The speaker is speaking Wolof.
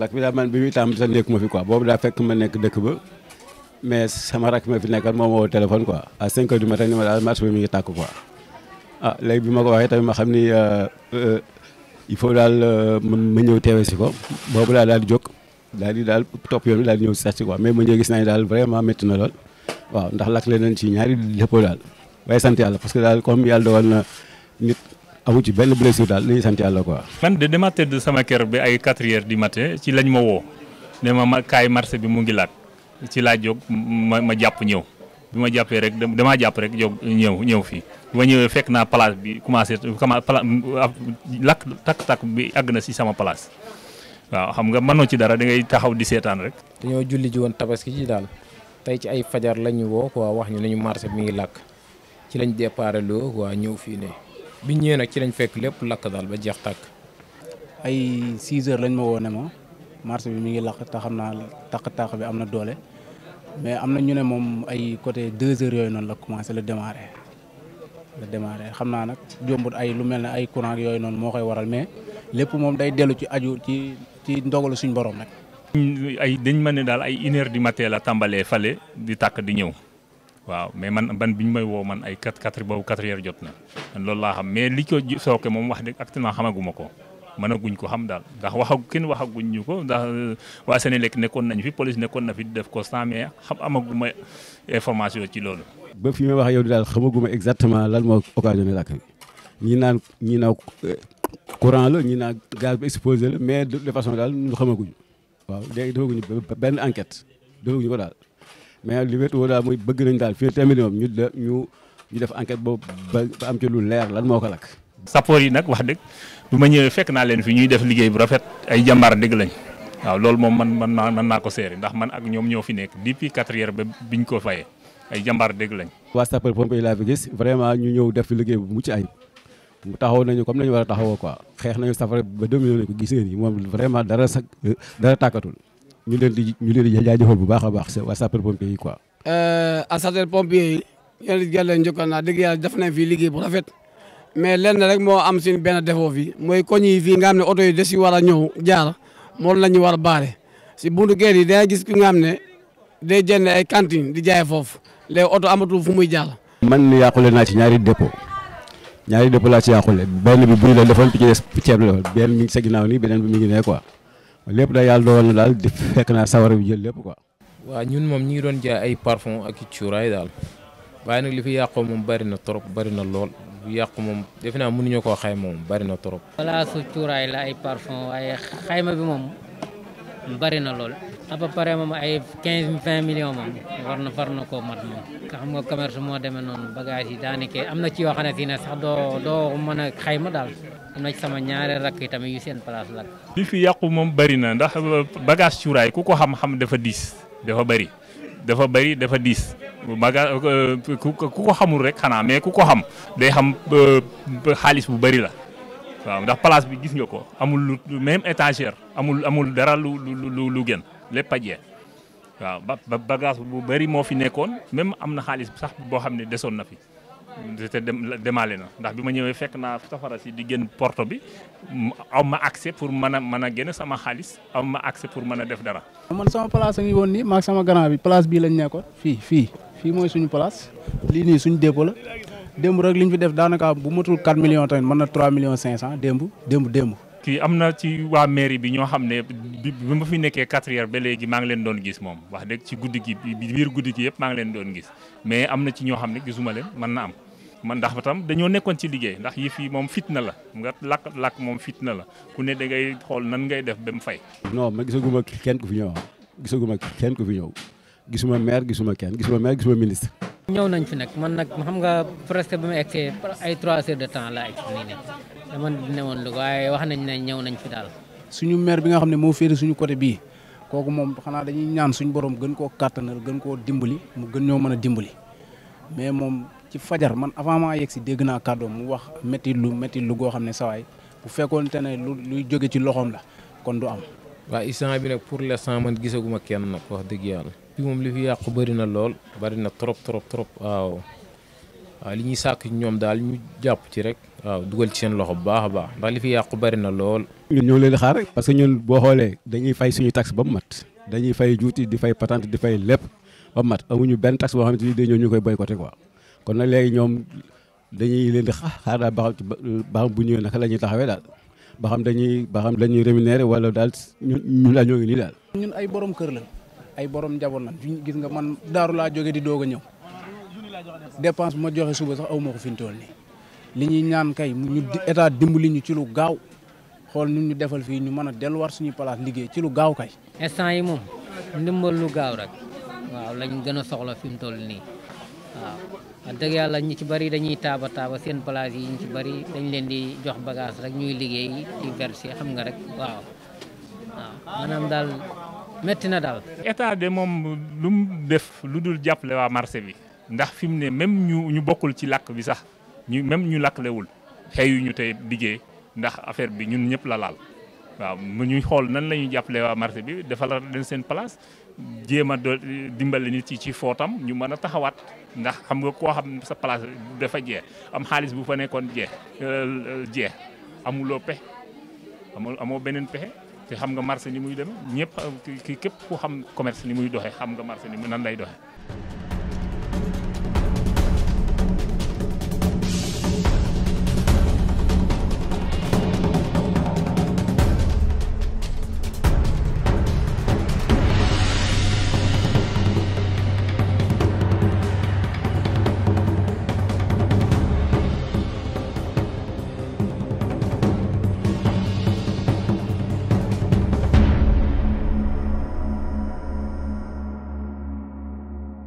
lakk bi daal man bi muy tàmbali sax nekkuma fi quoi boobu daa fekk ma nekk dëkk ba mais sama rakk ma fi nekkal moo ma woo téléphone quoi à 5 du matin ma daal marché bi mi ngi tàkk quoi. ah léegi bi ma ko waxee tamit ma xam ni euh, euh, il faut daal euh, ma ñëw teewe si ko boobu daal daal di jóg daal di daal topp yoon bi daal di ñëw si sax si quoi mais ma ñëw gis naa ni daal vraiment métti na lool waaw ndax lakk leen nañ ci ñaari dépôt daal waaye sant yàlla parce que daal comme na amu ci benn blessure daal li sant yàlla quoi. man de dematé de sama kër bi ay 4 heures di matin ci lañ ma woo ne ma ma kaay marché bi mu ngi laat ci laa jóg ma ma jàpp ñëw bi ma jàppee rek dama jàpp rek jóg ñëw ñëw fii bi ma ñëwee fekk naa place bi commencé lakk takk-takk bi àgg na si sama place waaw xam nga mënoo ci dara da ngay taxaw di seetaan rek. dañoo julli ji woon tabaski ji daal tey ci ay fajar lañu woo quoi wax ñu ne ñu marché bi mi ngi lakk ci lañ déparé loo quoi ñëw fii ne. biñ ñëwee nag ci lañ fekk lépp lakk daal ba jeex tàkk. ay 6 heures lañ ma woo ne ma marché bi mi ngi lakk te xam naa tàq-tàq bi am na doole mais am na ñu ne moom ay côté 2 heures yooyu noonu la commencé la démarré la démarré xam naa nag jombut ay lu mel ne ay courant yooyu noonu moo koy waral mais lépp moom day dellu ci aju ci ci ndogalu suñ borom nag ay dañ mën ne daal ay une heure du matin la tàmbalee fale di takk di ñëw. waaw mais man ban bi ñu may woo man ay quatre quatre boobu quatre heures jot na man laa xam mais li ko sooke moom wax dëgg actuellement xamaguma ko mënaguñ ko xam daal ndax waxag kenn waxaguñ ñu ko ndax euh, waa Senelec nekkoon nañ fi police nekkoon na fi def constat mais xam amaguma information ci loolu. ba fi may wax yow di daal xamaguma exactement lan moo occasionné làkk bi ñi naan ñi naan euh, courant la ñi naan gaz bi explosé la mais de façon daal xamaguñu waaw léegi defaguñu benn enquête defaguñu ko daal. mais li wér woo daal mooy bëgg nañ daal fii tamit moom ñu ñu ñu def enquête boobu am ci lu leer lan moo ko lakk. sappoor yi nag wax dëgg bu ma ñëwee fekk naa leen fi ñuy def liggéey bu rafet ay jàmbaar dëgg lañ waaw loolu moom man man naa mën naa ko seere ndax man ak ñoom ñoo fi nekk depuis quatre heures ba biñ ko fayee ay jàmbaar dëgg lañ. waa sapeur pompier laa fi gis vraiment ñu ñëw def liggéey bu mucc ayib mu taxaw nañu comme nañu war a taxawoo quoi xeex nañu safara ba deux millions ko gis ngeen ni moom vraiment dara sa dara tàkkatul. ñu leen di ñu leen di jaajëfal bu baax a baax waa sapeur pompier yi quoi. Euh, à sapeur pompier yi yéen it yàlla njëkkoon naa dëgg yàlla def nañ fi liggéey bu rafet mais lenn rek moo am suñu benn défaut fii mooy koñ yi nga xam ne oto yi da si war a ñëw jaar moom la ñu war a baare si buntu kër yi dana gis ki nga xam ne day jënd ay cantine di jaay foofu léegi oto amatu fu muy jaar. man yàqule naa ci ñaari dépôt ñaari dépôt laa ci yàqule benn bi buy la defoon bi ci des ceeb la defoon benn mi ngi sa ginnaaw nii beneen bi mi ngi ne quoi. lépp day yàlla dogal na daal di fekk naa sawar bi jël lépp quoi. waaw ñun moom ñi ngi doon jaay ay parfum ak i cuuraay daal waaye nag li fi yàqoo moom bari na trop bari na lool yàqu moom defe naa mënuñu koo xayma moom bari na trop. balaa su cuuraay la ay parfum waaye xayma bi moom bari na lool. apa pare près ay 15-20 millions moom warna na far na koo mat xam nga commerce mo demé non bagage yi daanaka am na ci yoo xam ne si sax do do mën xeyma dal amna ci sama ñaare rak itam yu seen place la bi fi yàqu mom bari na ndax euh, bagage cuuraay ku ko xam-xam dafa 10 dafa bari dafa bari dafa 10 bagage euh, ku ko xamul rek xana mais ku ko xam day xam euh, xaliss bu bari la waaw ndax place bi gis nga ko amul même étagère amul amul dara lu lu lu lu lépp a jeex waaw ba bagage bu bëri moo fi nekkoon même am na xaalis sax boo xam ne desoon na fi te dem demaale na ndax bi ma ñëwee fekk naa safara si di génn porte bi aw ma accès pour man a mën a génn sama xaalis am ma accès pour mën a def dara. man sama place a ngi woon nii maag sama grand bi place bii lañ nekkoon fii fii fii mooy suñu place lii nii suñu dépôt la démb rek li fi def daanaka bu matul 4 millions tamit man na 3 millions 500 démb démb démb. kii bi bi ma fi nekkee quatre heures ba léegi maa ngi leen doon gis moom wax dëgg ci guddi gi biir guddi gi yëpp maa ngi leen doon gis mais am na ci ñoo xam ne gisuma leen man ndax tam dañoo nekkoon ci liggéey ndax yëf yi moom fitna la nga lakk lakk moom fitna la ku ne da ngay xool nan ngay def ba fay. non ma gisaguma kenn ku fi ñëw gisaguma kenn ku fi ñëw gisuma maire gisuma kenn gisuma maire gisuma ministre. ñëw nañ fi nag man nag xam nga presque ba ma egsee ay trois heures de temps la egg nii ne ne waaye wax nañ ne ñëw nañ fi daal. suñu maire bi nga xam ne moo féete suñu côté bii kooku moom xanaa dañuy ñaan suñu borom gën koo kàttanal gën koo dimbali mu gën ñoo mën a dimbali mais moom ci fajar man avant maa yegg si dégg naa kàddoom mu wax métti lu métti lu goo xam ne sawaay bu fekkoon te ne lu luy jóge ci loxoom la kon du am. waaw instant bi nag pour l'instant man gisaguma kenn nag wax dëgg yàlla. bi moom li fi yàqu bëri na lool. bëri na trop trop trop waaw. waaw li ñuy sàkk ñoom daal ñu jàpp ci rek. waaw dugal ci seen loxo bu baax a baax ndax li fi yàqu bari na lool. ñun ñoo leen xaar rek parce que ñun boo xoolee dañuy fay suñu taxe ba mu mat dañuy fay juuti di fay patante di fay lépp ba mu mat amuñu benn taxe boo xamante ni dañoo ñu koy boycotté quoi kon nag léegi ñoom dañuy leen di xaar daal ba xam bu ñëwee naka la ñuy taxawee daal ba xam dañuy ba xam dañuy rémunéré wala daal ñun ñun daal ñoo ngi nii daal. ñun ay borom kër la ay borom njaboot la gis nga man daaru laa jóge di doog a ñëw. dépense bu ma joxe suba sax awmako fiñ tolni fi li ñuy ñaan kay ñu état dimbali ñu ci lu gaaw xol ñu ñu defal fi ñu mëna a war suñu place liggéey ci lu gaaw kay. instant yi mom ndimbal lu gaaw rek waaw lañ gëna soxla fiñ tolni waaw wax dëgg yàlla ñi ci bari dañuy taba taba seen place yi ñi ci bari dañ leen di jox bagage rek ñuy liggéey ci verser xam nga rek waaw manam dal metti na dal état de mom lu def lu dul jàppale waa marché bi. ndax fi mu ne même ñu ñu bokkul ci làkk bi sax ñu même ñu làkklewul xëyu ñu tey liggéey ndax affaire bi ñun ñëpp la laal waaw mu ñuy xool nan la ñuy jàppale waa marché bi defal den seen place jéem a dimbale nit yi ci footam ñu mën a taxawaat ndax xam nga koo xam sa place dafa jeex am xaalis bu fa nekkoon jeex euh, euh, jeex amuloo pexe amoo beneen pexe te xam nga marché ni muy dem ñëpp ki képp ku xam commerce ni muy doxee xam nga marché ni mu nan lay doxee.